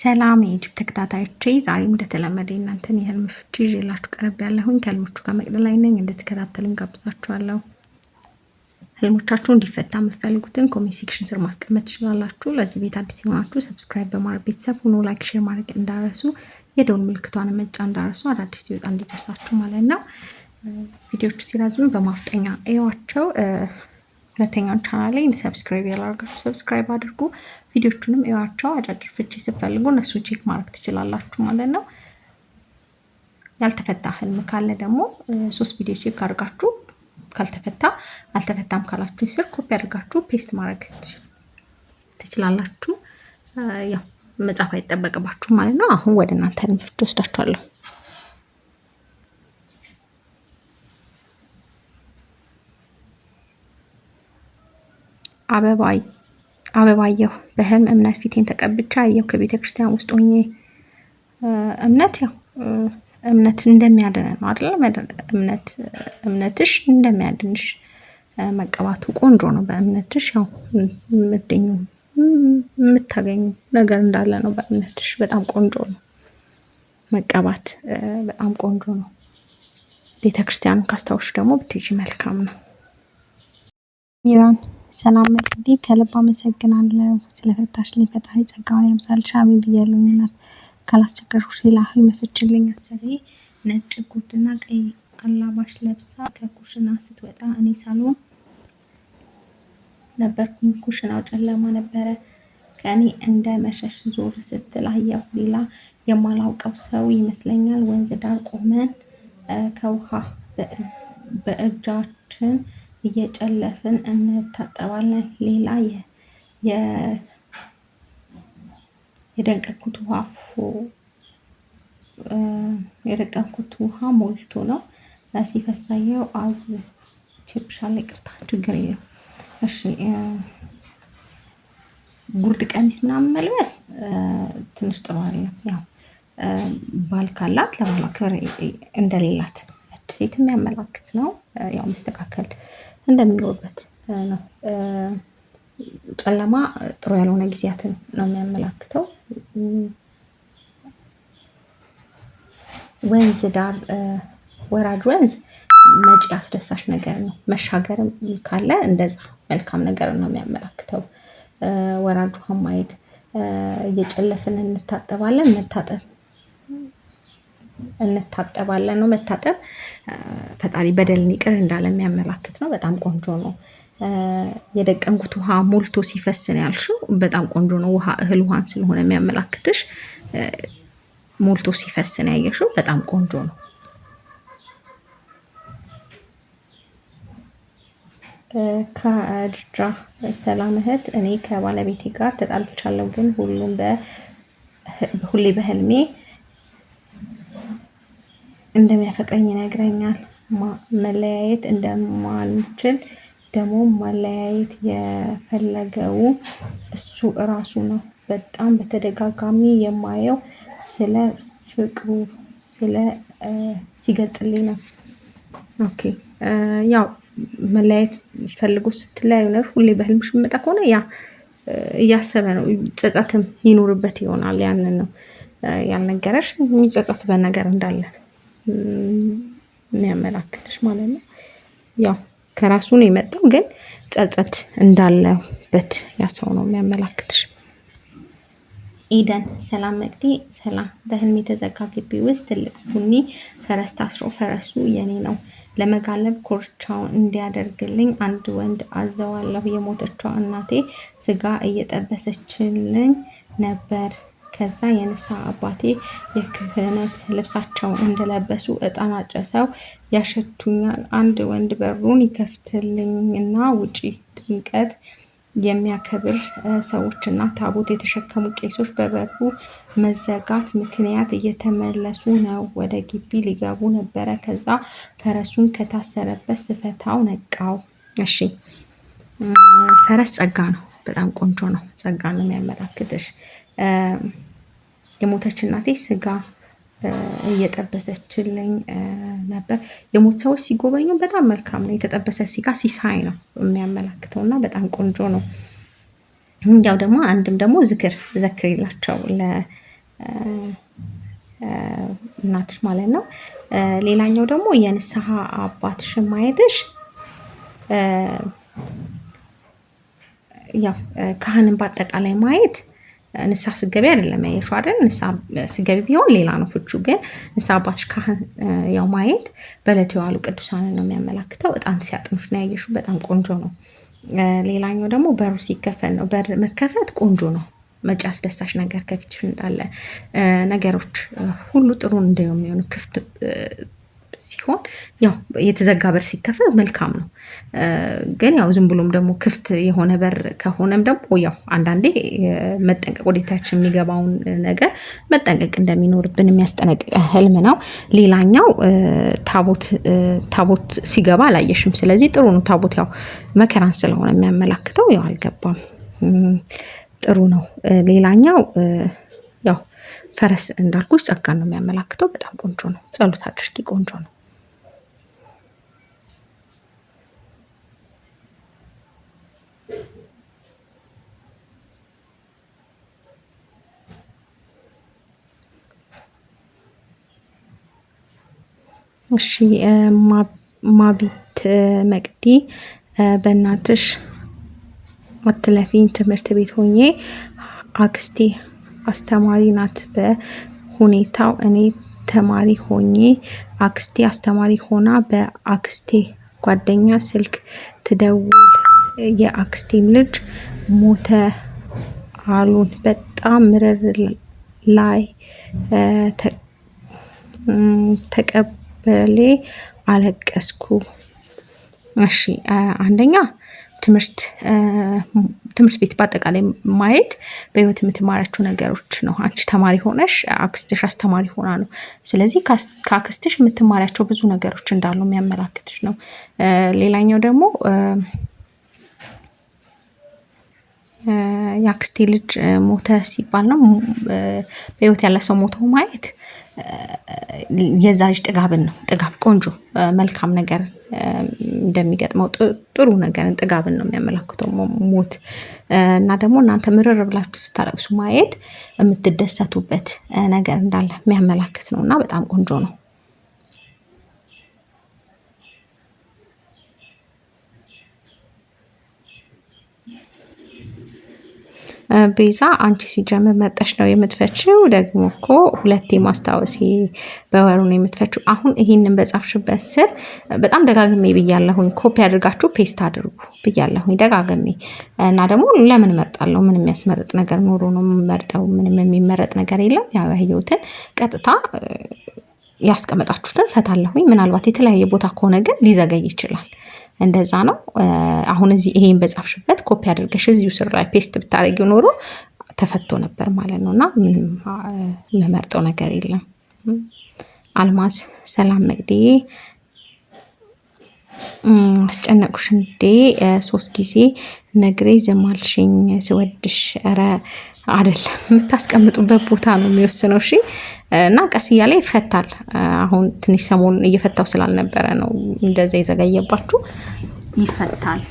ሰላም የዩቲዩብ ተከታታዮቼ ዛሬም እንደተለመደ እናንተን የህልም ፍቺ ይዤላችሁ ቀረብ ያለሁኝ ከህልሞቹ ጋር መቅደላይ ነኝ። እንድትከታተሉኝ ጋብዛችኋለሁ። ህልሞቻችሁ እንዲፈታ የምትፈልጉትን ኮሜንት ሴክሽን ስር ማስቀመጥ ትችላላችሁ። ለዚህ ቤት አዲስ የሆናችሁ ሰብስክራይብ በማድረግ ቤተሰብ ሆኖ ላይክ፣ ሼር ማድረግ እንዳረሱ የደውል ምልክቷን መጫ እንዳረሱ አዳዲስ ሲወጣ እንዲደርሳችሁ ማለት ነው። ቪዲዮቹ ሲራዝም በማፍጠኛ እዩዋቸው። ሁለተኛውን ቻናል ላይ ሰብስክራይብ ያላደረጋችሁ ሰብስክራይብ አድርጉ። ቪዲዮቹንም እዩዋቸው። አጫጭር ፍቺ ስትፈልጉ እነሱ ቼክ ማድረግ ትችላላችሁ ማለት ነው። ያልተፈታ ህልም ካለ ደግሞ ሶስት ቪዲዮ ቼክ አድርጋችሁ ካልተፈታ አልተፈታም ካላችሁ ስር ኮፒ አድርጋችሁ ፔስት ማድረግ ትችላላችሁ። ያው መጻፍ አይጠበቅባችሁ ማለት ነው። አሁን ወደ እናንተ ህልሞች ወስዳችኋለሁ። አበባየሁ በህልም እምነት ፊቴን ተቀብቻ አየሁ። ከቤተ ክርስቲያን ውስጥ ሆኜ እምነት ያው እምነት እንደሚያድነን ነው አይደል? እምነት እምነትሽ እንደሚያድንሽ መቀባቱ ቆንጆ ነው። በእምነትሽ ያው የምትገኙ የምታገኙ ነገር እንዳለ ነው። በእምነትሽ በጣም ቆንጆ ነው። መቀባት በጣም ቆንጆ ነው። ቤተክርስቲያኑ ካስታወስሽ ደግሞ ብትሄጂ መልካም ነው። ሚራን ሰላም መቅዲ ከልብ አመሰግናለሁ ስለፈታሽልኝ ፈጣሪ ጸጋውን ያብዛልሽ። አሜን ብያለሁ እናት ካላስቸገርኩሽ ሌላ ህልም ፍችልኝ። አሰሪ ነጭ ጉርድና ቀይ አላባሽ ለብሳ ከኩሽና ስትወጣ እኔ ሳሎን ነበርኩኝ። ኩሽናው ጨለማ ነበረ። ከእኔ እንደ መሸሽ ዞር ስትል አየሁ። ሌላ የማላውቀው ሰው ይመስለኛል። ወንዝ ዳር ቆመን ከውሃ በእጃችን እየጨለፍን እንታጠባለን። ሌላ የደቀኩት ውሃ የደቀኩት ውሃ ሞልቶ ነው ሲፈሳየው አዝ ችብሻል። ቅርታ ችግር የለም። እሺ ጉርድ ቀሚስ ምናምን መልበስ ትንሽ ጥሩ አይደለም። ያው ባል ካላት ለባሏ ክብር እንደሌላት ሴት የሚያመላክት ነው። ያው መስተካከል እንደሚኖሩበት ነው። ጨለማ ጥሩ ያልሆነ ጊዜያትን ነው የሚያመላክተው። ወንዝ ዳር ወራጅ ወንዝ መጪ አስደሳች ነገር ነው። መሻገርም ካለ እንደዛ መልካም ነገር ነው የሚያመላክተው። ወራጅ ውሃ ማየት እየጨለፍን እንታጠባለን። መታጠብ እንታጠባለን ነው። መታጠብ ፈጣሪ በደልን ይቅር እንዳለ የሚያመላክት ነው። በጣም ቆንጆ ነው። የደቀንኩት ውሃ ሞልቶ ሲፈስን ያልሽው በጣም ቆንጆ ነው። ውሃ እህል ውሃን ስለሆነ የሚያመላክትሽ ሞልቶ ሲፈስን ያየሽው በጣም ቆንጆ ነው። ከድጃ ሰላም እህት፣ እኔ ከባለቤቴ ጋር ተጣልቻለሁ፣ ግን ሁሉም ሁሌ በህልሜ እንደሚያፈቅረኝ ይነግረኛል። መለያየት እንደማንችል ደግሞ መለያየት የፈለገው እሱ እራሱ ነው። በጣም በተደጋጋሚ የማየው ስለ ፍቅሩ ስለ ሲገልጽልኝ ነው። ኦኬ ያው መለያየት ፈልጎ ስትለያዩ ነ ሁሌ በህልምሽ የሚመጣ ከሆነ ያ እያሰበ ነው። ጸጸትም ይኖርበት ይሆናል። ያንን ነው ያልነገረሽ የሚጸጸትበት ነገር እንዳለን የሚያመላክትሽ ማለት ነው። ያው ከራሱ ነው የመጣው፣ ግን ጸጸት እንዳለበት ያሰው ነው የሚያመላክትሽ። ኢደን ሰላም መቅዲ ሰላም። በህልም የተዘጋ ግቢ ውስጥ ትልቅ ቡኒ ፈረስ ታስሮ ፈረሱ የኔ ነው ለመጋለብ ኮርቻው እንዲያደርግልኝ አንድ ወንድ አዘዋለሁ። የሞተቿ እናቴ ስጋ እየጠበሰችልኝ ነበር። ከዛ የነሳ አባቴ የክህነት ልብሳቸው እንደለበሱ እጣን አጨሰው። ያሸቱኛል። አንድ ወንድ በሩን ይከፍትልኝና ውጪ ጥምቀት የሚያከብር እና ታቦት የተሸከሙ ቄሶች በበሩ መዘጋት ምክንያት እየተመለሱ ነው። ወደ ግቢ ሊገቡ ነበረ። ከዛ ፈረሱን ከታሰረበት ስፈታው ነቃው። እሺ ፈረስ ጸጋ ነው። በጣም ቆንጆ ነው። ጸጋ ነው የሚያመላክትሽ። የሞተች እናቴ ስጋ እየጠበሰችልኝ ነበር። የሞት ሰዎች ሲጎበኙ በጣም መልካም ነው። የተጠበሰ ስጋ ሲሳይ ነው የሚያመላክተው እና በጣም ቆንጆ ነው። እንዲያው ደግሞ አንድም ደግሞ ዝክር ዘክሪላቸው ለእናትሽ ማለት ነው። ሌላኛው ደግሞ የንስሐ አባትሽ ማየትሽ ያው ካህንን በአጠቃላይ ማየት ንስሐ ስገቢ አይደለም ያየሽው አይደል? ንስሐ ስገቢ ቢሆን ሌላ ነው ፍቹ። ግን ንስሐ አባትሽ ካህን ያው ማየት በዕለቱ የዋሉ ቅዱሳንን ነው የሚያመላክተው። ዕጣን ሲያጥኑሽ ነው ያየሽው። በጣም ቆንጆ ነው። ሌላኛው ደግሞ በሩ ሲከፈት ነው። በር መከፈት ቆንጆ ነው። መጪ አስደሳች ነገር ከፊትሽ እንዳለ ነገሮች ሁሉ ጥሩ የሚሆኑ ክፍት ሲሆን ያው የተዘጋ በር ሲከፈት መልካም ነው። ግን ያው ዝም ብሎም ደግሞ ክፍት የሆነ በር ከሆነም ደግሞ ያው አንዳንዴ መጠንቀቅ ወደታች የሚገባውን ነገር መጠንቀቅ እንደሚኖርብን የሚያስጠነቅቅ ህልም ነው። ሌላኛው ታቦት ታቦት ሲገባ አላየሽም። ስለዚህ ጥሩ ነው። ታቦት ያው መከራን ስለሆነ የሚያመላክተው ያው አልገባም ጥሩ ነው። ሌላኛው ያው ፈረስ እንዳልኩች ጸጋን ነው የሚያመላክተው። በጣም ቆንጆ ነው። ጸሎት አድርጊ። ቆንጆ ነው። እሺ ማቢት መቅዲ በእናትሽ አትለፊኝ፣ ትምህርት ቤት ሆኜ አክስቴ አስተማሪ ናት። በሁኔታው እኔ ተማሪ ሆኜ አክስቴ አስተማሪ ሆና በአክስቴ ጓደኛ ስልክ ትደውል የአክስቴም ልጅ ሞተ አሉን። በጣም ምርር ላይ ተቀበሌ አለቀስኩ። እሺ አንደኛ ትምህርት ትምህርት ቤት በአጠቃላይ ማየት በህይወት የምትማሪያቸው ነገሮች ነው። አንቺ ተማሪ ሆነሽ አክስትሽ አስተማሪ ሆና ነው። ስለዚህ ከአክስትሽ የምትማሪያቸው ብዙ ነገሮች እንዳሉ የሚያመላክትሽ ነው። ሌላኛው ደግሞ የአክስቴ ልጅ ሞተ ሲባል ነው በህይወት ያለ ሰው ሞተው ማየት ልጅ ጥጋብን ነው። ጥጋብ ቆንጆ መልካም ነገር እንደሚገጥመው ጥሩ ነገርን ጥጋብን ነው የሚያመላክተው ሞት እና ደግሞ እናንተ ምርር ብላችሁ ስታለቅሱ ማየት የምትደሰቱበት ነገር እንዳለ የሚያመላክት ነው እና በጣም ቆንጆ ነው። ቤዛ አንቺ ሲጀምር መጠሽ ነው የምትፈችው። ደግሞ እኮ ሁለቴ ማስታወሴ በወሩ ነው የምትፈችው። አሁን ይህንን በጻፍሽበት ስር በጣም ደጋግሜ ብያለሁኝ፣ ኮፒ አድርጋችሁ ፔስት አድርጉ ብያለሁኝ ደጋግሜ። እና ደግሞ ለምን መርጣለሁ? ምን የሚያስመርጥ ነገር ኖሮ ነው የምመርጠው? ምንም የሚመረጥ ነገር የለም። ያው ያየሁትን ቀጥታ ያስቀመጣችሁትን ፈታለሁኝ። ምናልባት የተለያየ ቦታ ከሆነ ግን ሊዘገይ ይችላል። እንደዛ ነው። አሁን እዚህ ይሄን በጻፍሽበት ኮፒ አድርገሽ እዚሁ ስር ላይ ፔስት ብታደረጊው ኖሮ ተፈቶ ነበር ማለት ነው። እና ምንም የምመርጠው ነገር የለም። አልማዝ ሰላም መቅዴ አስጨነቁሽ እንዴ? ሶስት ጊዜ ነግሬ ዘማልሽኝ ስወድሽ ረ አይደለም የምታስቀምጡበት ቦታ ነው የሚወስነው። እሺ እና ቀስ እያለ ይፈታል። አሁን ትንሽ ሰሞን እየፈታው ስላልነበረ ነው እንደዛ የዘገየባችሁ። ይፈታል።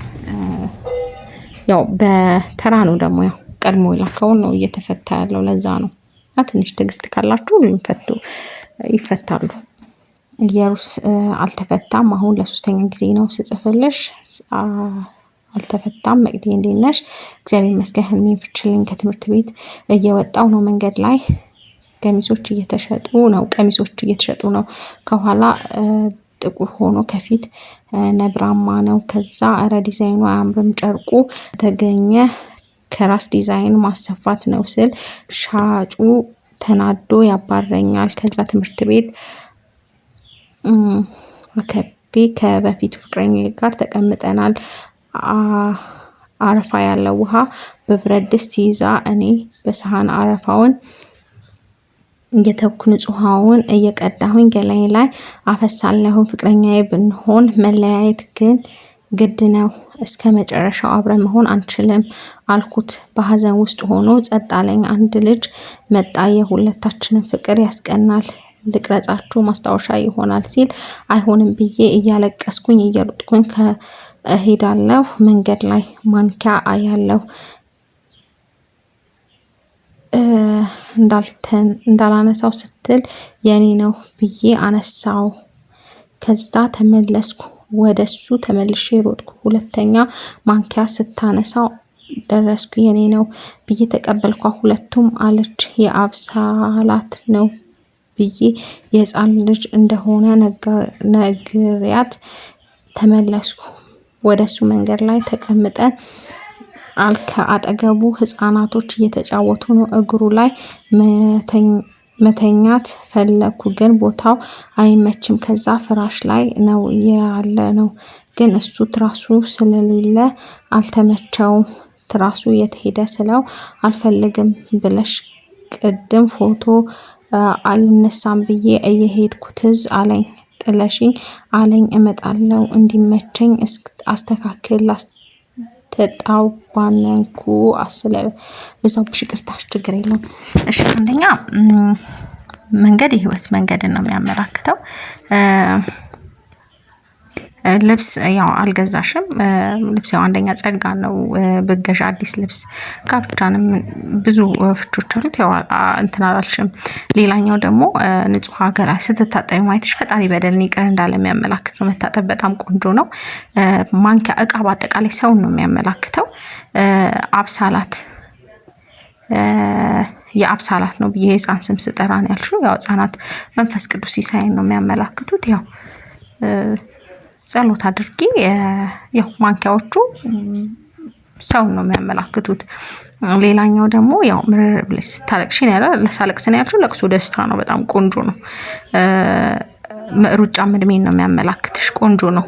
ያው በተራ ነው ደግሞ ያው ቀድሞ የላከውን ነው እየተፈታ ያለው ለዛ ነው። እና ትንሽ ትዕግስት ካላችሁ ፈቱ ይፈታሉ። የሩስ አልተፈታም። አሁን ለሶስተኛ ጊዜ ነው ስጽፍልሽ አልተፈታም። መቅዲ እንዴት ነሽ? እግዚአብሔር ይመስገን። ህልሜን ፍችልኝ። ከትምህርት ቤት እየወጣው ነው። መንገድ ላይ ቀሚሶች እየተሸጡ ነው። ቀሚሶች እየተሸጡ ነው። ከኋላ ጥቁር ሆኖ ከፊት ነብራማ ነው። ከዛ እረ ዲዛይኑ አያምርም። ጨርቁ ተገኘ ከራስ ዲዛይን ማሰፋት ነው ስል ሻጩ ተናዶ ያባረኛል። ከዛ ትምህርት ቤት አከቤ ከበፊቱ ፍቅረኛ ጋር ተቀምጠናል። አረፋ ያለው ውሃ በብረት ድስት ይዛ እኔ በሰሃን አረፋውን እየተኩ ንጹህ ውሃውን እየቀዳሁኝ ገላይ ላይ አፈሳለሁን። ፍቅረኛዬ ብንሆን መለያየት ግን ግድ ነው። እስከ መጨረሻው አብረን መሆን አንችልም አልኩት። በሀዘን ውስጥ ሆኖ ጸጥ አለኝ። አንድ ልጅ መጣ። የሁለታችንን ፍቅር ያስቀናል ልቅረጻችሁ ማስታወሻ ይሆናል ሲል አይሆንም ብዬ እያለቀስኩኝ እየሮጥኩኝ እሄዳለሁ። መንገድ ላይ ማንኪያ አያለሁ። እንዳልተን እንዳላነሳው ስትል የኔ ነው ብዬ አነሳው። ከዛ ተመለስኩ፣ ወደ እሱ ተመልሼ ሮጥኩ። ሁለተኛ ማንኪያ ስታነሳው ደረስኩ። የኔ ነው ብዬ ተቀበልኳ። ሁለቱም አለች። የአብሳላት ነው ብዬ የህፃን ልጅ እንደሆነ ነግሪያት ተመለስኩ። ወደሱ መንገድ ላይ ተቀምጠን ከአጠገቡ ህፃናቶች እየተጫወቱ ነው። እግሩ ላይ መተኛት ፈለኩ ግን ቦታው አይመችም። ከዛ ፍራሽ ላይ ነው ያለ ነው ግን እሱ ትራሱ ስለሌለ አልተመቸውም። ትራሱ የት ሄደ ስለው አልፈልግም ብለሽ ቅድም ፎቶ አልነሳም ብዬ እየሄድኩ ትዝ አለኝ ጥለሽኝ አለኝ እመጣለው እንዲመቸኝ አስተካክል ተጣው ባነንኩ አስለ በዛብሽ ይቅርታሽ፣ ችግር የለውም። እሺ አንደኛ መንገድ የህይወት መንገድን ነው የሚያመላክተው። ልብስ ያው አልገዛሽም። ልብስ ያው አንደኛ ጸጋ ነው ብገዣ አዲስ ልብስ ጋብቻንም ብዙ ፍቾች አሉት። ያው እንትን አላልሽም። ሌላኛው ደግሞ ንጹሕ ሀገር ስትታጠቢ ማየትሽ ፈጣሪ በደልን ይቅር እንዳለ የሚያመላክት ነው። መታጠብ በጣም ቆንጆ ነው። ማንኪያ እቃ በአጠቃላይ ሰውን ነው የሚያመላክተው። አብሳላት የአብሳላት ነው ብዬ የህፃን ስም ስጠራን ያልሽው ያው ህፃናት መንፈስ ቅዱስ ሲሳይን ነው የሚያመላክቱት ያው ጸሎት አድርጊ። ያው ማንኪያዎቹ ሰው ነው የሚያመላክቱት። ሌላኛው ደግሞ ያው ምርር ብለሽ ስታለቅሽ ነው ያለ ሳለቅስ ነው ያልሽው። ለቅሶ ደስታ ነው። በጣም ቆንጆ ነው። ሩጫም እድሜን ነው የሚያመላክትሽ። ቆንጆ ነው።